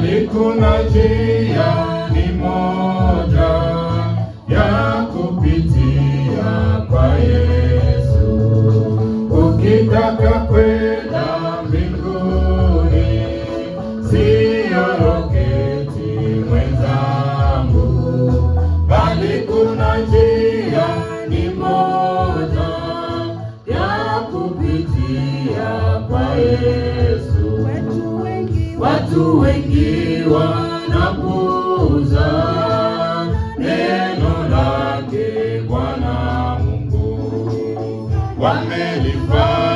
bali yaani kuna njia ni moja ya kupitia kwa Yesu ukitaka kweli watu wengi wanapuuza neno lake Bwana Mungu wamelifanya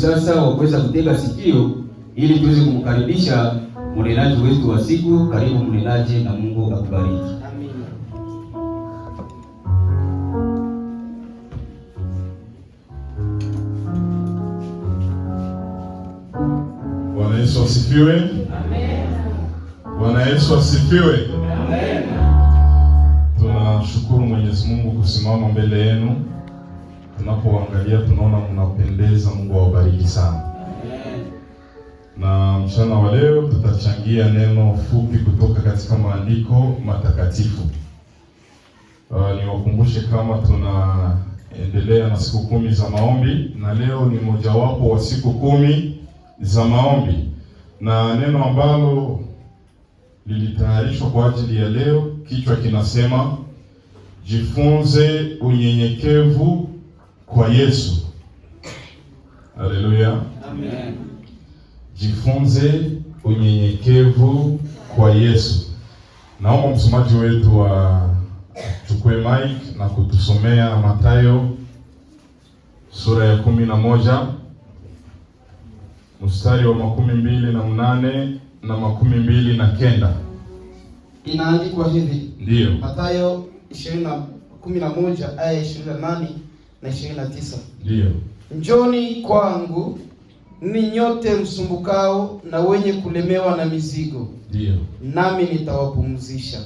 sasa wa kuweza kutega sikio ili tuweze kumkaribisha mnenaji wetu wa siku. Karibu mnenaji, na Mungu akubariki. Bwana Yesu asifiwe. Amen. Bwana Yesu asifiwe. Amen. Tunashukuru Mwenyezi Mungu kusimama mbele yenu tunapoangalia tunaona mnapendeza. Mungu awabariki sana. Na mchana wa leo tutachangia neno fupi kutoka katika maandiko matakatifu. Uh, niwakumbushe kama tunaendelea na siku kumi za maombi, na leo ni mojawapo wa siku kumi za maombi, na neno ambalo lilitayarishwa kwa ajili ya leo, kichwa kinasema jifunze unyenyekevu kwa Yesu. Haleluya, amen. Jifunze unyenyekevu kwa Yesu. Naomba msomaji wetu wa chukue mic na kutusomea Mathayo sura ya kumi na moja mstari wa makumi mbili na mnane na makumi mbili na kenda Inaandikwa hivi, Ndio. Mathayo ishirini na kumi na moja aya ishirini na nane na ishirini na tisa njoni kwangu ni nyote msumbukao na wenye kulemewa na mizigo, ndio nami nitawapumzisha.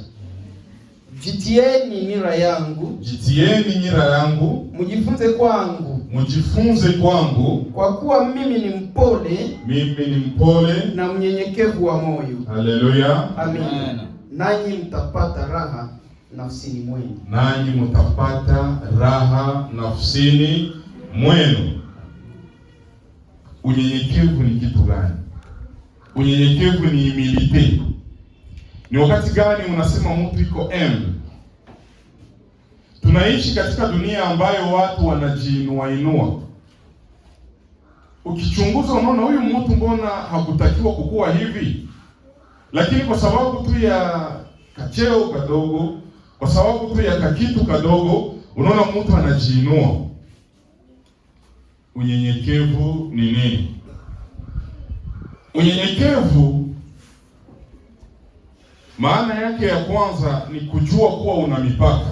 Jitieni nira yangu, jitieni nira yangu, mjifunze kwangu, mjifunze kwangu, kwa kuwa mimi ni mpole, mimi ni mpole na mnyenyekevu wa moyo. Haleluya, amina, nanyi mtapata raha nafsini mwenu, nanyi mtapata raha nafsini mwenu. Unyenyekevu ni kitu gani? Unyenyekevu ni humilite. Ni wakati gani unasema mtu iko m Tunaishi katika dunia ambayo watu wanajiinua inua. Ukichunguza unaona huyu mtu mbona hakutakiwa kukuwa hivi, lakini kwa sababu tu ya kacheo kadogo, kwa sababu tu ya kakitu kadogo. Unaona mtu anajiinua. Unyenyekevu ni nini? Unyenyekevu maana yake ya kwanza ni kujua kuwa una mipaka,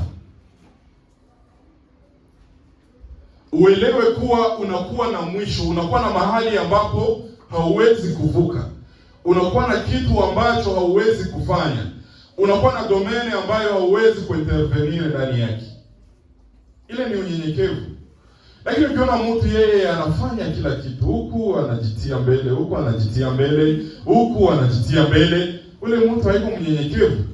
uelewe kuwa unakuwa na mwisho, unakuwa na mahali ambapo hauwezi kuvuka, unakuwa na kitu ambacho hauwezi kufanya unakuwa na domeni ambayo hauwezi kuintervenir ndani yake. Ile ni unyenyekevu. Lakini ukiona mtu yeye anafanya kila kitu, huku anajitia mbele, huku anajitia mbele, huku anajitia mbele, ule mtu haiko mnyenyekevu.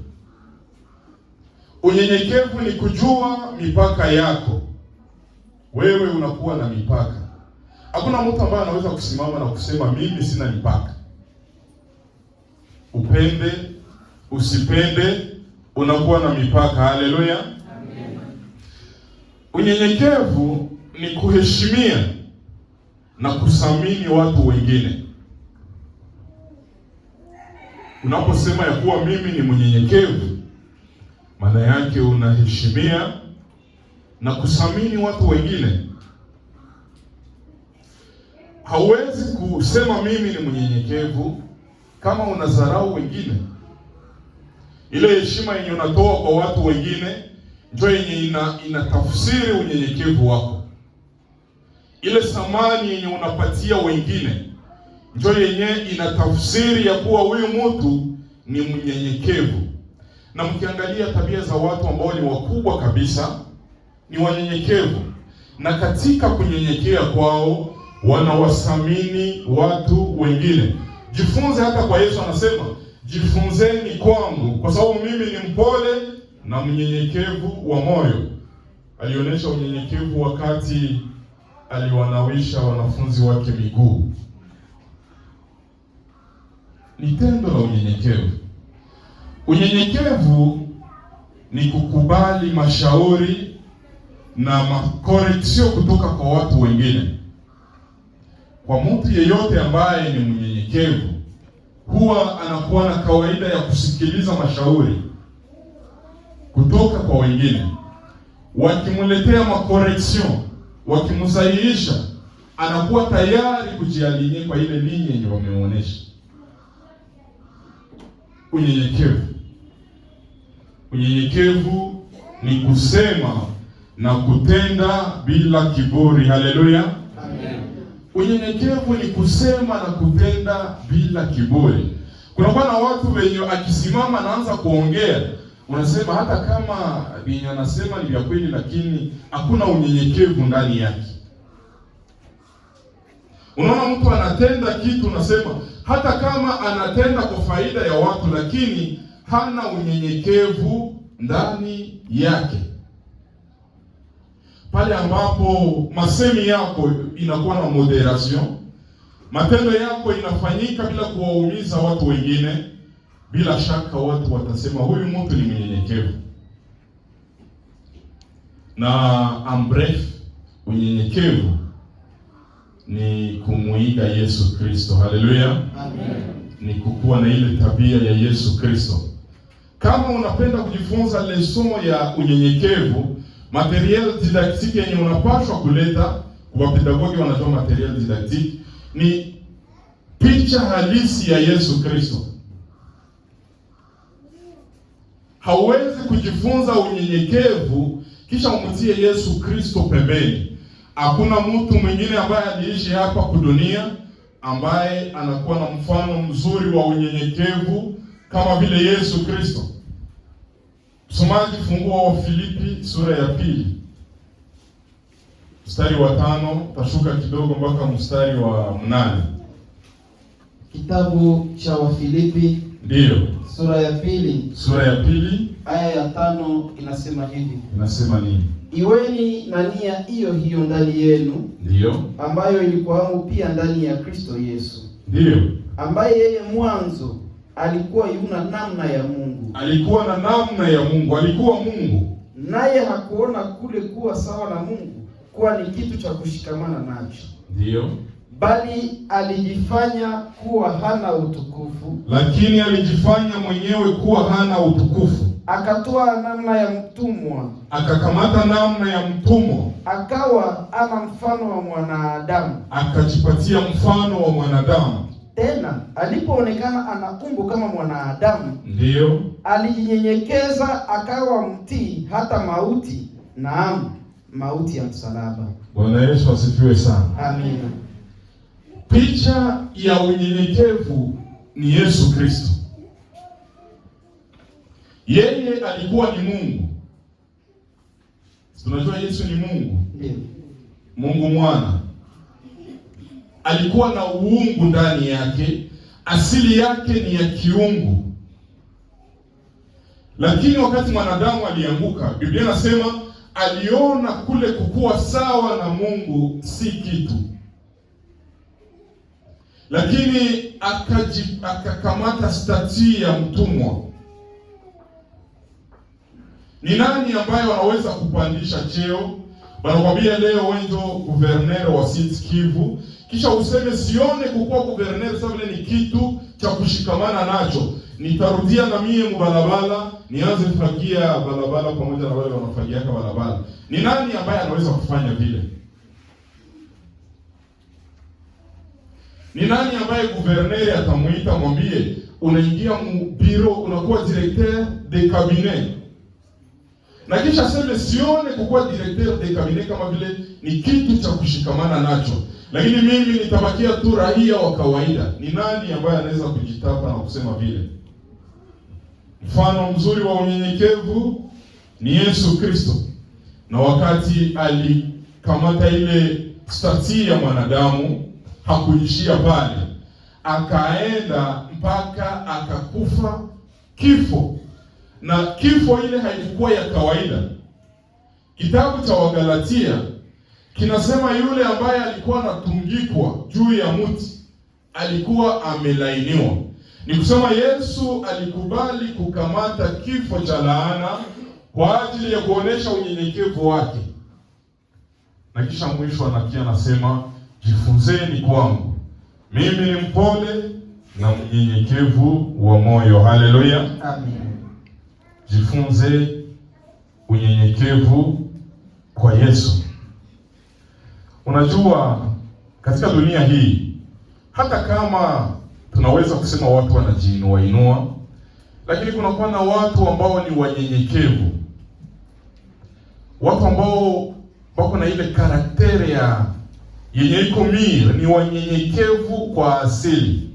Unyenyekevu ni kujua mipaka yako. Wewe unakuwa na mipaka. Hakuna mtu ambaye anaweza kusimama na kusema mimi sina mipaka. Upende usipende, unakuwa na mipaka. Haleluya, amen. Unyenyekevu ni kuheshimia na kuthamini watu wengine. Unaposema ya kuwa mimi ni mnyenyekevu, maana yake unaheshimia na kuthamini watu wengine. Hauwezi kusema mimi ni mnyenyekevu kama unadharau wengine ile heshima yenye unatoa kwa watu wengine ndio yenye ina, inatafsiri unyenyekevu wako. Ile samani yenye unapatia wengine ndio yenye ina tafsiri ya kuwa huyu mtu ni mnyenyekevu. Na mkiangalia tabia za watu ambao ni wakubwa kabisa ni wanyenyekevu, na katika kunyenyekea kwao wanawasamini watu wengine. Jifunze hata kwa Yesu anasema jifunzeni kwangu, kwa sababu mimi ni mpole na mnyenyekevu wa moyo. Alionyesha unyenyekevu wakati aliwanawisha wanafunzi wake miguu. Ni tendo la unyenyekevu. Unyenyekevu ni kukubali mashauri na makoreksio kutoka kwa watu wengine. Kwa mtu yeyote ambaye ni mnyenyekevu huwa anakuwa na kawaida ya kusikiliza mashauri kutoka kwa wengine, wakimletea makoreksion wakimsahihisha, anakuwa tayari kujialinye kwa ile linye yenye wameonyesha. Unyenyekevu, unyenyekevu ni kusema na kutenda bila kiburi. Haleluya! Unyenyekevu ni kusema na kutenda bila kiburi. Kunakuwa na watu wenye akisimama anaanza kuongea, unasema hata kama venye anasema ni vya kweli, lakini hakuna unyenyekevu ndani yake. Unaona, mtu anatenda kitu, unasema hata kama anatenda kwa faida ya watu, lakini hana unyenyekevu ndani yake pale ambapo masemi yako inakuwa na moderation, matendo yako inafanyika bila kuwaumiza watu wengine, bila shaka watu watasema huyu mtu ni mnyenyekevu. Na ambref, unyenyekevu ni kumuiga Yesu Kristo. Haleluya, amen. Ni kukuwa na ile tabia ya Yesu Kristo. Kama unapenda kujifunza lesomo ya unyenyekevu Materiel didactic yenye unapaswa kuleta kwa pedagogi wanatoa materiel didactic ni picha halisi ya Yesu Kristo. Hauwezi kujifunza unyenyekevu kisha umtie Yesu Kristo pembeni. Hakuna mtu mwingine ambaye aliishi hapa kudunia ambaye anakuwa na mfano mzuri wa unyenyekevu kama vile Yesu Kristo. Msomaji, funguo wa Filipi sura ya pili mstari wa tano tashuka kidogo mpaka mstari wa mnane. Kitabu cha Wafilipi ndiyo sura ya pili sura ya pili aya ya tano inasema hivi, inasema nini? Iweni na nia hiyo hiyo ndani yenu, ndiyo ambayo ilikuwamo pia ndani ya Kristo Yesu, ndiyo ambaye yeye mwanzo alikuwa yuna namna ya Mungu, alikuwa na namna ya Mungu, alikuwa Mungu, naye hakuona kule kuwa sawa na Mungu kuwa ni kitu cha kushikamana nacho, ndio bali alijifanya kuwa hana utukufu, lakini alijifanya mwenyewe kuwa hana utukufu, akatoa namna ya mtumwa, akakamata namna ya mtumwa, akawa ana mfano wa mwanadamu, akajipatia mfano wa mwanadamu tena alipoonekana umbo kama mwanadamu, ndio alijinyenyekeza akawa mtii hata mauti, naam, mauti ya msalaba. Bwana Yesu asifiwe sana, amina. Picha ya unyenyekevu ni Yesu Kristo. Yeye alikuwa ni Mungu. Tunajua Yesu ni Mungu, ndio Mungu mwana alikuwa na uungu ndani yake, asili yake ni ya kiungu. Lakini wakati mwanadamu alianguka, Biblia inasema aliona kule kukuwa sawa na Mungu si kitu, lakini akaji, akakamata statii ya mtumwa. Ni nani ambaye wanaweza kupandisha cheo? Wanakwambia leo wenjo guverner wa Sud Kivu kisha useme sione kukuwa guverner sasa vile ni kitu cha kushikamana nacho. Nitarudia na mie mbalabala, nianze kufagia balabala pamoja na wale wanafagia kwa balabala. Ni nani ambaye anaweza kufanya vile? Ni nani ambaye guverneri atamuita mwambie, unaingia mbiro unakuwa directeur de cabinet na kisha seme sione kukuwa directeur de cabinet kama vile ni kitu cha kushikamana nacho. Lakini mimi nitabakia tu raia wa kawaida. Ni nani ambaye anaweza kujitapa na kusema vile? Mfano mzuri wa unyenyekevu ni Yesu Kristo, na wakati alikamata ile stati ya mwanadamu hakuishia pale, akaenda mpaka akakufa kifo, na kifo ile haikuwa ya kawaida. Kitabu cha Wagalatia kinasema yule ambaye alikuwa anatungikwa juu ya mti alikuwa amelainiwa. Ni kusema Yesu alikubali kukamata kifo cha laana kwa ajili ya kuonesha unyenyekevu wake, na kisha mwisho anakia anasema, jifunzeni kwangu mimi ni mpole na mnyenyekevu wa moyo. Haleluya, amen. Jifunze unyenyekevu kwa Yesu. Unajua, katika dunia hii hata kama tunaweza kusema watu wanajiinua inua, lakini kunakuwa na watu ambao ni wanyenyekevu, watu ambao wako na ile karaktere ya yenye iko mir, ni wanyenyekevu kwa asili.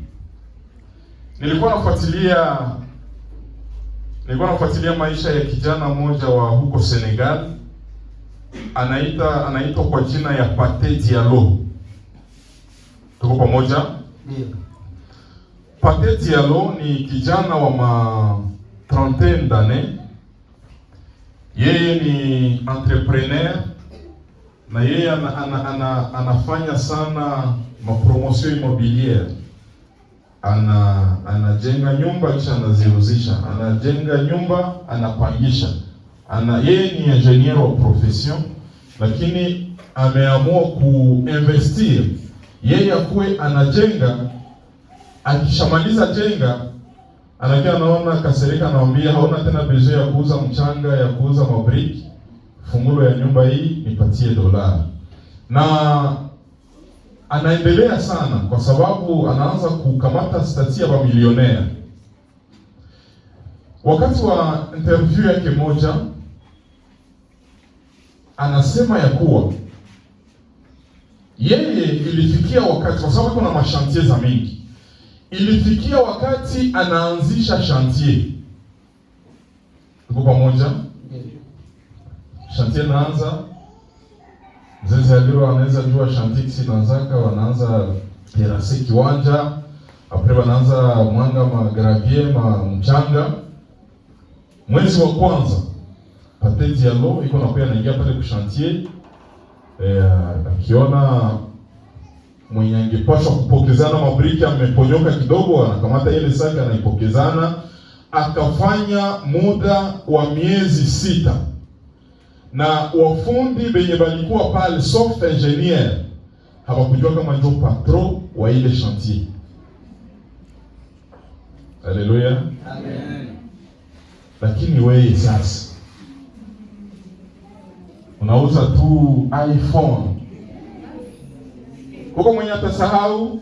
Nilikuwa nafuatilia nilikuwa nafuatilia maisha ya kijana mmoja wa huko Senegal anaita anaitwa kwa jina ya Pate Diallo. Tuko pamoja? Ndio. Pate Diallo ni kijana wa ma trentaine Yeye ni entrepreneur na yeye ana, ana, ana, anafanya sana mapromotion immobilier. Ana anajenga nyumba kisha anaziuzisha, anajenga nyumba anapangisha ana yeye ni engineer wa profession, lakini ameamua kuinvestir yeye akuwe anajenga. Akishamaliza jenga, anakia anaona kasirika, anamwambia hauna tena bezue ya kuuza mchanga ya kuuza mabriki, fungulo ya nyumba hii nipatie dola na anaendelea sana kwa sababu anaanza kukamata stati ya mamilionea. Wakati wa interview yake moja anasema ya kuwa yeye ilifikia wakati, kwa sababu kuna mashantie za mengi, ilifikia wakati anaanzisha shantie Tuko pamoja? shantie naanza zezaliwa, anaweza jua shantier sinaanzaka, wanaanza terase kiwanja, apre wanaanza mwanga magravier ma mchanga, mwezi wa kwanza Patenzi ya law iko pia naingia pale chantier eh, akiona mwenye angepaswa kupokezana mabriki ameponyoka kidogo, anakamata ile saka anaipokezana, akafanya muda wa miezi sita, na wafundi benye balikuwa pale soft engineer hawakujua kama ndio patro wa ile chantier. Haleluya, amen. Lakini wewe sasa unauza tu iPhone huko, mwenye atasahau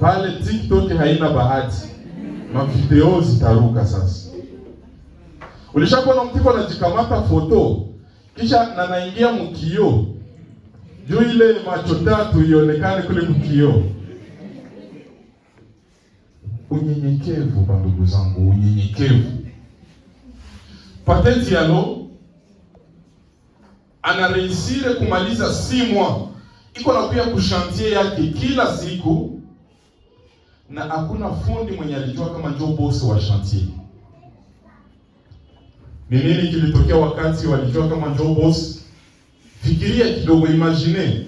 pale. TikTok haina bahati, mavideo zitaruka. Sasa ulishakuwa na mtiko anajikamata foto kisha na naingia mkio juu ile macho tatu ionekane kule mkio. Unyenyekevu, ndugu zangu, unyenyekevu pateti yalo anareisire kumaliza si mwa iko nakuya kushantie yake kila siku, na hakuna fundi mwenye alijua kama ndio bosi wa shantie. Ni nini kilitokea wakati walijua kama ndio bosi? Fikiria kidogo, imagine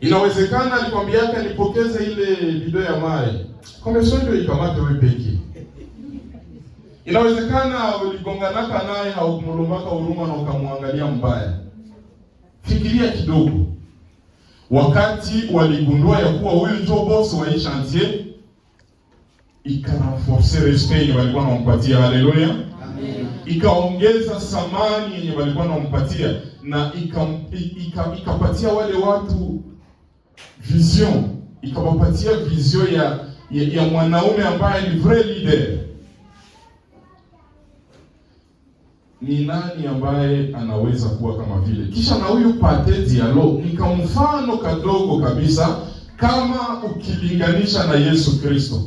Inawezekana alikwambia yake nipokeze ile video ya mai kombe ikamate wewe Inawezekana uligonganaka naye haukumlumaka huruma na ukamwangalia mbaya. Fikiria kidogo, wakati waligundua ya kuwa huyu ndio boss wa hii chantier ikaforce respect walikuwa wanampatia. Haleluya, amen. Ikaongeza samani yenye walikuwa wanampatia na ikapatia ika, ika wale watu vision, ikawapatia vision ya, ya, ya mwanaume ambaye ni vrai leader ni nani ambaye anaweza kuwa kama vile. Kisha na huyu Pate Diallo ni mfano kadogo kabisa, kama ukilinganisha na Yesu Kristo.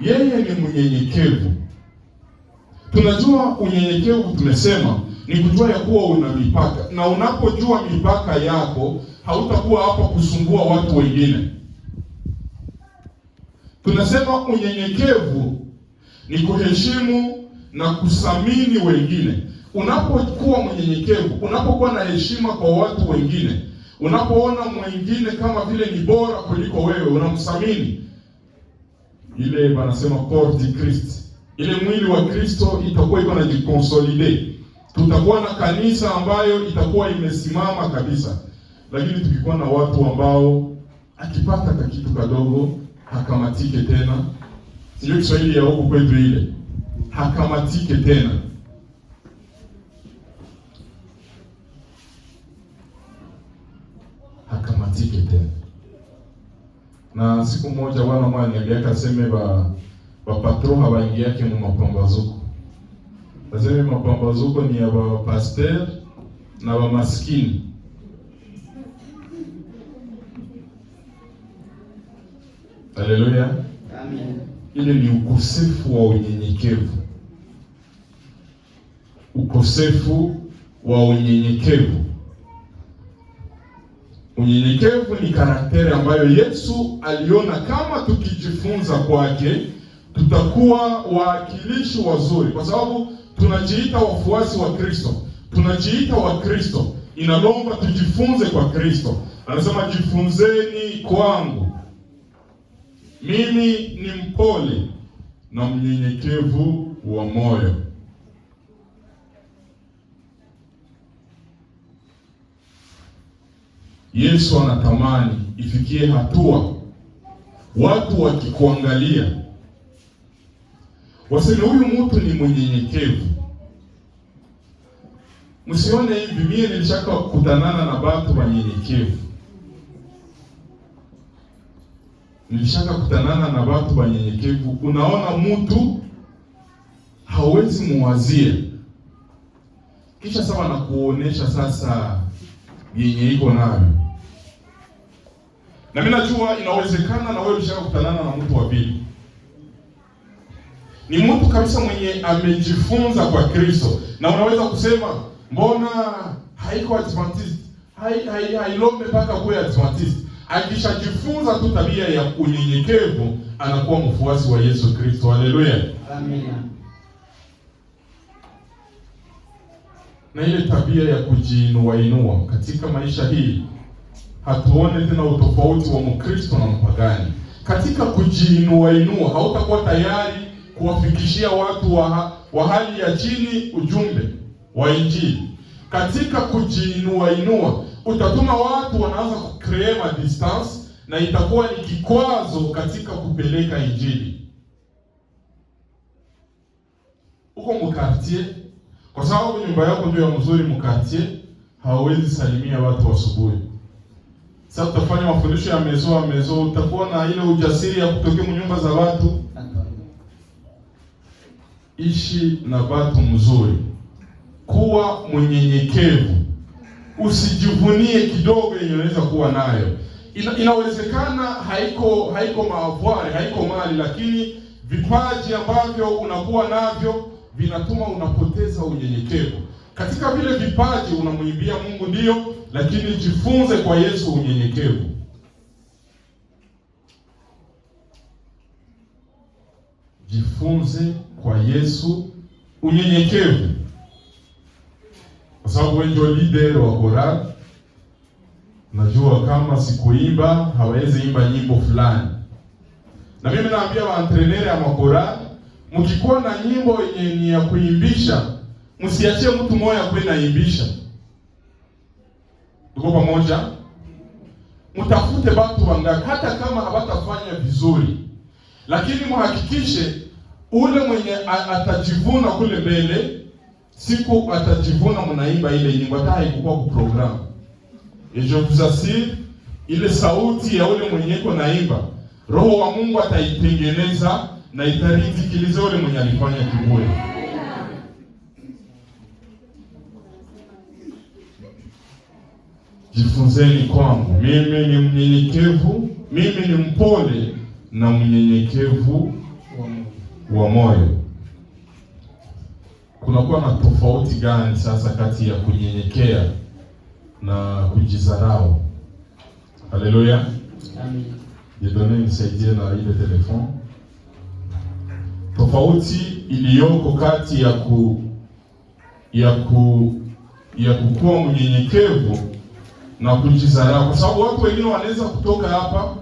Yeye ni mnyenyekevu. Tunajua unyenyekevu, tumesema ni kujua ya kuwa una mipaka, na unapojua mipaka yako hautakuwa hapa kusumbua watu wengine. Tunasema unyenyekevu ni kuheshimu na kusamini wengine. Unapokuwa mnyenyekevu, unapokuwa na heshima kwa watu wengine, unapoona mwingine kama vile ni bora kuliko wewe, unamsamini. Ile wanasema corps de Christ, ile mwili wa Kristo itakuwa iko na jikonsolide. Tutakuwa na kanisa ambayo itakuwa imesimama kabisa, lakini tukikuwa na watu ambao akipata kakitu kadogo hakamatike tena, sio Kiswahili ya huku kwetu ile hakamatike tena. Hakamatike tena. Na siku moja wana mwana aliaka aseme ba ba patro habaingi mu mapambazuko. Aseme mapambazuko ni ya ba pasteur na ba maskini. Haleluya. Amen ile ni ukosefu wa unyenyekevu, ukosefu wa unyenyekevu. Unyenyekevu ni karakteri ambayo Yesu aliona kama tukijifunza kwake tutakuwa waakilishi wazuri, kwa sababu tunajiita wafuasi wa Kristo, tunajiita wa Kristo, inalomba tujifunze kwa Kristo. Anasema jifunzeni kwangu mimi ni mpole na mnyenyekevu wa moyo. Yesu anatamani ifikie hatua watu wakikuangalia waseme huyu mtu ni mnyenyekevu. Msione hivi, mimi nilishaka kukutanana na watu wanyenyekevu nilishaka kutanana na watu wanyenyekevu. Unaona, mtu hawezi muwazie, kisha sawa na kuonesha sasa yenye iko nayo, na mimi najua inawezekana na wewe ulishaka kutanana na mtu wa pili ni mtu kabisa mwenye amejifunza kwa Kristo, na unaweza kusema mbona haiko Adventist, hai hai, mpaka kuwe Adventist akishajifunza tu tabia ya unyenyekevu anakuwa mfuasi wa Yesu Kristo. Haleluya, amina. Na ile tabia ya kujiinua inua katika maisha hii, hatuone tena utofauti wa Mkristo na mpagani katika kujiinua inua. Hautakuwa tayari kuwafikishia watu wa, wa hali ya chini ujumbe wa Injili katika kujiinua inua utatuma watu wanaanza kucreate distance na itakuwa ni kikwazo katika kupeleka injili huko mkartie, kwa sababu nyumba yako ndio ya mzuri mkartie, hauwezi salimia watu asubuhi. Sasa utafanya mafundisho ya mezo ya mezo, utakuwa na ile ujasiri ya kutokea nyumba za watu. Ishi na watu mzuri, kuwa mwenyenyekevu usijivunie kidogo yenye unaweza kuwa nayo. Ina, inawezekana haiko haiko maavwari haiko mali, lakini vipaji ambavyo unakuwa navyo vinatuma unapoteza unyenyekevu katika vile vipaji. Unamwimbia Mungu ndiyo, lakini jifunze kwa Yesu unyenyekevu. Jifunze kwa Yesu unyenyekevu kwa sababu wewe ndio leader wa chorale. Najua kama sikuimba hawezi imba nyimbo fulani, na mimi naambia waantrenere ya makorali, mkikuwa na nyimbo yenye ni ya kuimbisha, msiachie mtu mmoja kwenda imbisha. Tuko pamoja? Mtafute watu wangapi, hata kama hawatafanya vizuri, lakini muhakikishe ule mwenye atajivuna kule mbele siku atajivuna mnaimba ile nyimbo, hata ku kuprogramu. Et je vous assure, ile sauti ya ule mwenye iko naimba, roho wa Mungu ataitengeneza na itaritikiliza ule mwenye alifanya kibwe. Jifunzeni kwangu, mimi ni mnyenyekevu, mimi ni mpole na mnyenyekevu wa moyo kunakuwa na tofauti gani sasa kati ya kunyenyekea na kujizarau? Haleluya, amen. Jedone, nisaidie na ile telefone. Tofauti iliyoko kati ya ku ya ku ya kukuwa mnyenyekevu na kujizarau, kwa sababu watu wengine wanaweza kutoka hapa,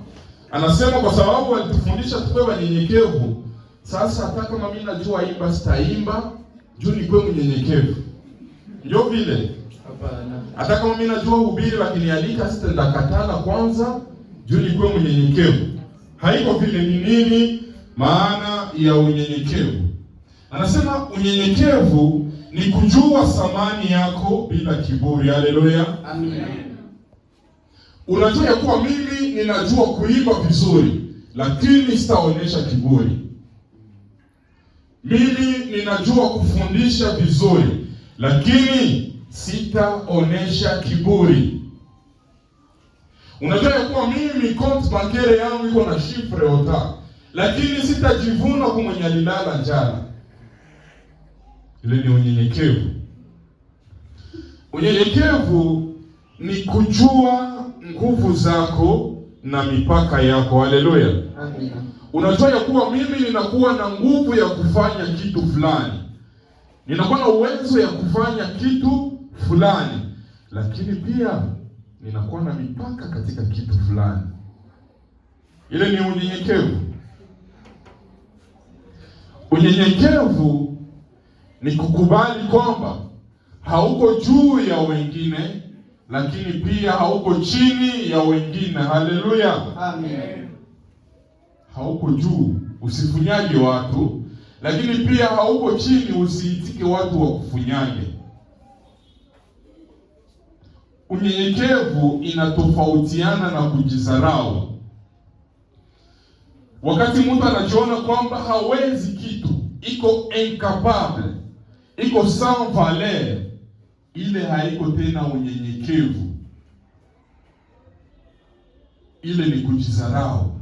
anasema kwa sababu walitufundisha tuwe wanyenyekevu. Sasa hata kama mimi najua imba, sitaimba juu ni kwa mnyenyekevu. Ndio vile hata kama ubiri najua hubiri wakinialika, sitakataa kwanza juu ni kwa mnyenyekevu. Haiko vile ni nini maana ya unyenyekevu? Anasema unyenyekevu ni kujua samani yako bila kiburi. Haleluya, Unajua ya kuwa mimi ninajua kuimba vizuri, lakini sitaonyesha kiburi mimi ninajua kufundisha vizuri, lakini sitaonesha kiburi. Unajua ya kuwa mimi compte bancaire yangu iko na shifre ota, lakini sitajivuna kumwenye alilala njala. Ile ni unyenyekevu. Unyenyekevu ni kujua nguvu zako na mipaka yako. Haleluya, amina unajua ya kuwa mimi ninakuwa na nguvu ya kufanya kitu fulani, ninakuwa na uwezo ya kufanya kitu fulani, lakini pia ninakuwa na mipaka katika kitu fulani. Ile ni unyenyekevu. Unyenyekevu ni kukubali kwamba hauko juu ya wengine, lakini pia hauko chini ya wengine. Haleluya, amen hauko juu usifunyaje watu, lakini pia hauko chini usiitike watu wakufunyaje. Unyenyekevu inatofautiana na kujizarau. Wakati mtu anachoona kwamba hawezi kitu, iko incapable, iko sans valeur, ile haiko tena unyenyekevu, ile ni kujizarau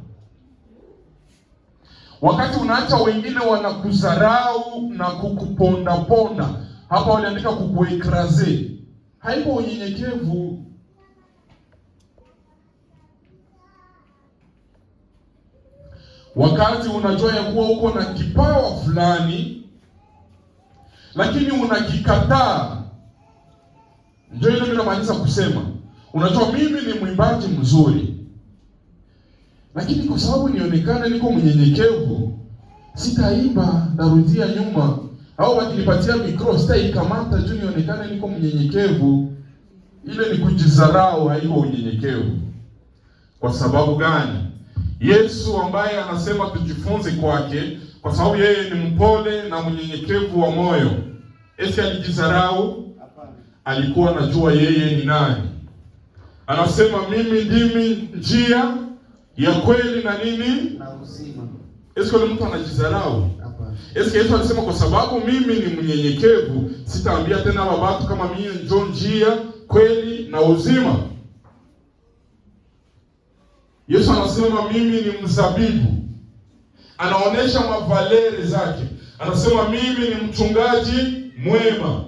wakati unaacha wengine wanakudharau na kukupondaponda. Hapa waliandika kukuekraze, haipo unyenyekevu. Wakati unajua ya kuwa uko na kipawa fulani, lakini unakikataa, ndio ile mimi kusema, unajua mimi ni mwimbaji mzuri lakini kwa sababu nionekane niko mnyenyekevu, sitaimba, narudia nyuma, au wakinipatia mikro sitaikamata juu nionekane niko mnyenyekevu. Ile ni kujizarau, haiko unyenyekevu. Kwa sababu gani? Yesu ambaye anasema tujifunze kwake, kwa sababu yeye ni mpole na mnyenyekevu wa moyo. Esi alijizarau? Alikuwa anajua yeye ni nani. Anasema mimi ndimi njia ya kweli na nini na uzima. mtu anajizarau Eske Yesu alisema kwa sababu mimi ni mnyenyekevu, sitaambia tena wabatu kama mimi njo njia, kweli na uzima. Yesu anasema mimi ni mzabibu, anaonesha mavaleri zake, anasema mimi ni mchungaji mwema.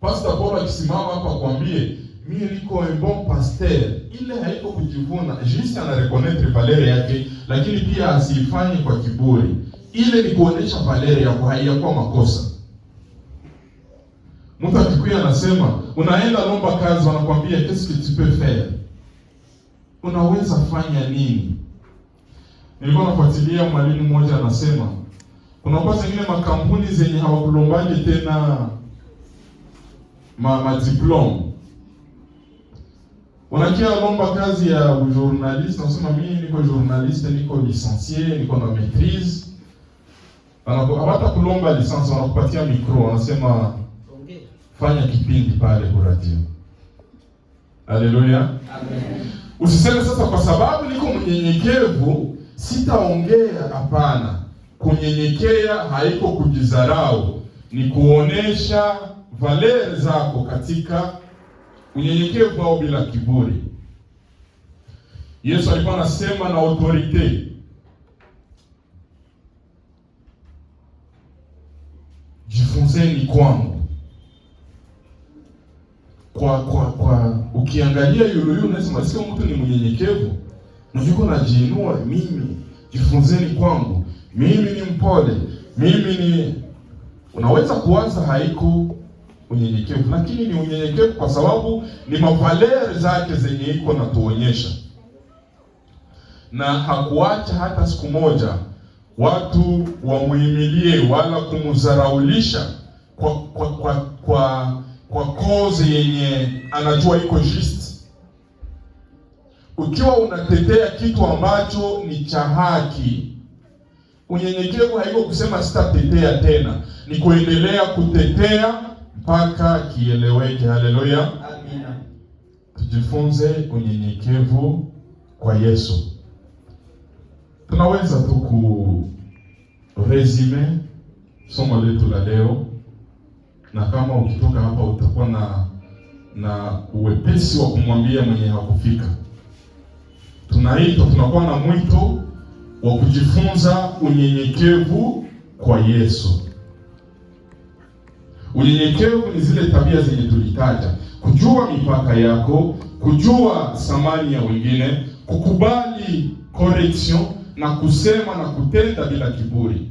Pastor Paul akisimama hapa akwambie mie liko un bon pasteur, ile haiko kujivuna, juste ana reconnaître valeur yake, lakini pia asifanye kwa kiburi. Ile ni kuonesha valeur yako, haiyakuwa makosa. Mtu akikuya anasema unaenda lomba kazi, wanakwambia qu'est-ce que tu peux faire, unaweza fanya nini? Nilikuwa nafuatilia mwalimu mmoja anasema kunakuwa zingine makampuni zenye hawakulombaje tena ma, ma diploma Unajua lomba kazi ya ujournaliste, nasema mimi niko journaliste, niko licencié, niko na maîtrise. Hawata kulomba lisansi, wanakupatia mikro, wanasema fanya kipindi pale kwa radio. Haleluya, amen. Usiseme sasa kwa sababu niko mnyenyekevu sitaongea. Hapana, kunyenyekea haiko kujizarau, ni kuonesha valeri zako katika unyenyekevu au bila kiburi. Yesu alikuwa anasema na autorite jifunzeni kwangu. Kwa kwa kwa ukiangalia yule yule unasema sio mtu ni mnyenyekevu, mjiko najiinua mimi, jifunzeni kwangu, mimi ni mpole, mimi ni unaweza kuanza haiku unyenyekevu, lakini ni unyenyekevu kwa sababu ni mavaleri zake zenye iko natuonyesha, na hakuacha hata siku moja watu wamuhimilie wala kumdharaulisha kwa kwa kwa kwa, kwa kozi yenye anajua iko just. Ukiwa unatetea kitu ambacho ni cha haki, unyenyekevu haiko kusema sitatetea tena, ni kuendelea kutetea mpaka kieleweke. Haleluya, amina. Tujifunze unyenyekevu kwa Yesu. Tunaweza tu ku resume somo letu la leo, na kama ukitoka hapa utakuwa na na uwepesi wa kumwambia mwenye hakufika. Tunaitwa, tunakuwa na mwito wa kujifunza unyenyekevu kwa Yesu. Unyenyekevu ni zile tabia zenye tulitaja: kujua mipaka yako, kujua thamani ya wengine, kukubali correction na kusema na kutenda bila kiburi.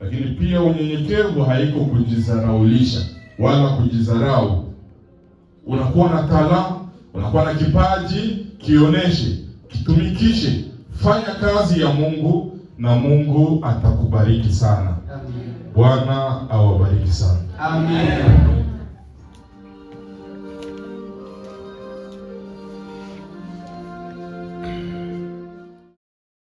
Lakini pia unyenyekevu haiko kujizaraulisha wala kujizarau. Unakuwa na tala unakuwa na kipaji, kioneshe, kitumikishe, fanya kazi ya Mungu na Mungu atakubariki sana. Amen. Bwana awabariki sana. Amen.